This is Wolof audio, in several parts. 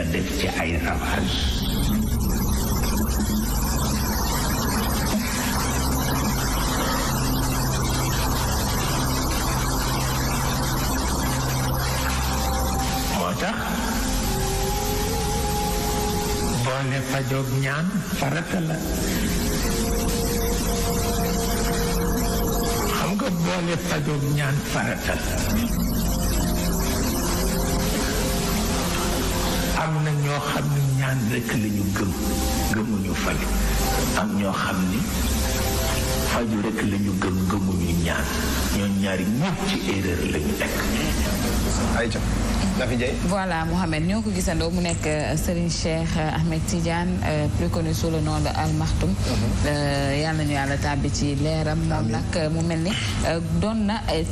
la def ci ay ravage moo tax boo ne ñaan farata xam nga boo ne ñaan farata am na ñoo xam ni ñaan rekk la ñu gëm gëmuñu faju am ñoo xam ni faju rekk lañu ñu gëm gëmuñu ñaan ñoo ñaari ñëpp ci erreur lañu ñu nekk Nafi Ndiaye. voilà Mohamed ñoo ko gisandoo mu nekk euh, Serigne Cheikh euh, Ahmed Tidiane euh, plus connu sous le nom de Al Maktoum. Mhm. yal nañu yàlla tàbbi ci leeram. moom nag mu mel ni doon na ay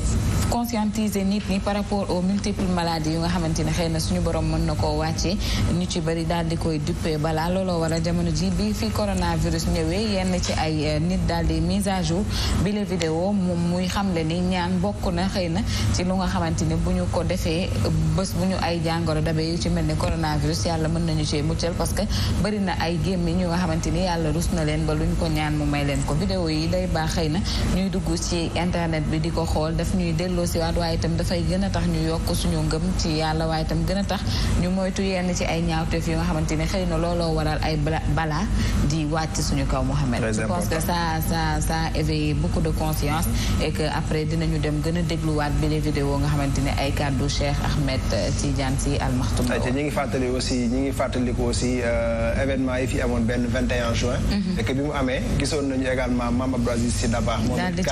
conscientiser nit ñi par rapport au multiples maladies yu nga xamante ne xëy na suñu borom mën na koo wàccee ñu ci bëri daal di koy duppe balaa looloo waral jamono ji bi fi coronavirus ñëwee yenn ci ay nit daal di mise à jour bi la moom muy xamle ni ñaan bokk na xëy na ci lu nga xamante ne ko defee mu ñu ay jàngoro dabe yu ci mel ni coronavirus yàlla mën nañu cee muccal parce que bari na ay gémmi ñu nga xamante ni yàlla rus na leen ba lu luñ ko ñaan mu may leen ko vidéo yi day baax xëy na ñuy dugg ci internet bi di ko xool daf ñuy delloo si waat waaye itam dafay gën a tax ñu yokk suñu ngëm ci yàlla waaye itam gën a tax ñu moytu yenn ci ay ñaawteef yu nga xamante ni xëy na looloo waral ay balaa di wàcc suñu kaw Mohamed je pense que ça ça ça a éveillé de conscience et que après dinañu dem gën a dégluwaat bi les vidéo nga xamante ni ay kàddu Cheikh Ahmed Tidiane si Almakhtoum. ayca ñu ngi fàttali aussi ñu ngi fàttaliku euh, fi amoon benn 21 juin. Mhm. et bi mu amee gisoon nañu également Mame Abdou Aziz Sy Dabakh. moom it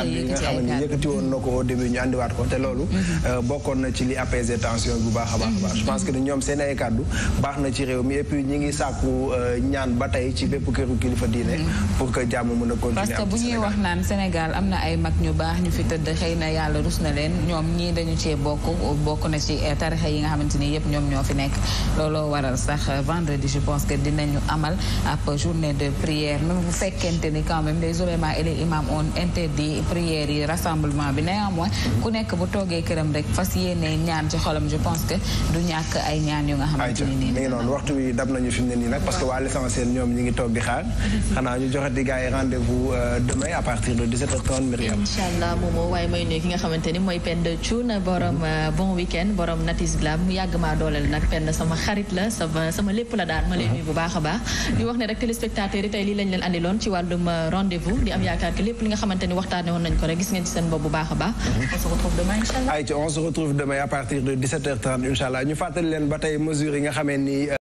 kàddu na ko au début ñu mhm. euh, ci li baax a a baax. Mhm. je pense que ñoom seen ay kàddu baax na ci réew mi et puis ñu ngi sàkku euh, ñaan ba tey ci bépp këru kilifa diine. pour que jàmm a continuer. parce que bu ñuy wax naan Sénégal am na ay mag ñu baax ñu fi tëdd xëy na yàlla rus na leen ñoom ñi dañu cee bokk bokk na ci tarixa yi nga xamante ni ñoom ñoo fi nekk looloo waral sax vendredi je pense que dinañu amal ab journée de prière même bu fekkente ni quand même les oulémas interdit prières yi rassemblement bi néanmoins ku nekk bu toogee këram rek fas yéenee ñaan ci xolam je pense que du ñàkk ay ñaan yu nga xamante ni nii noonu waxtu wi dab nañu fi mu nii nag parce que waa l'essentiel ñoom ñi ngi toog xaar xanaa ñu joxe di gars yi rendez euh, à partir la mu yàgg maa dooleel nag penn sama xarit la sama lépp la daal ma leen bu baax a baax di wax ne rek téléspectateurs yi tey lii lañ leen andiloon ci wàllum euh, rendez di am yaakaar que lépp li nga xamante ni waxtaane nañ ko rek gis ngeen ci seen bopp bu baax a baax mhm. on se retrouve demain incha allah ay on se retrouve demain à partir de 17h30 incha allah ñu fàttali leen ba tey mesures yi nga xamee ni euh,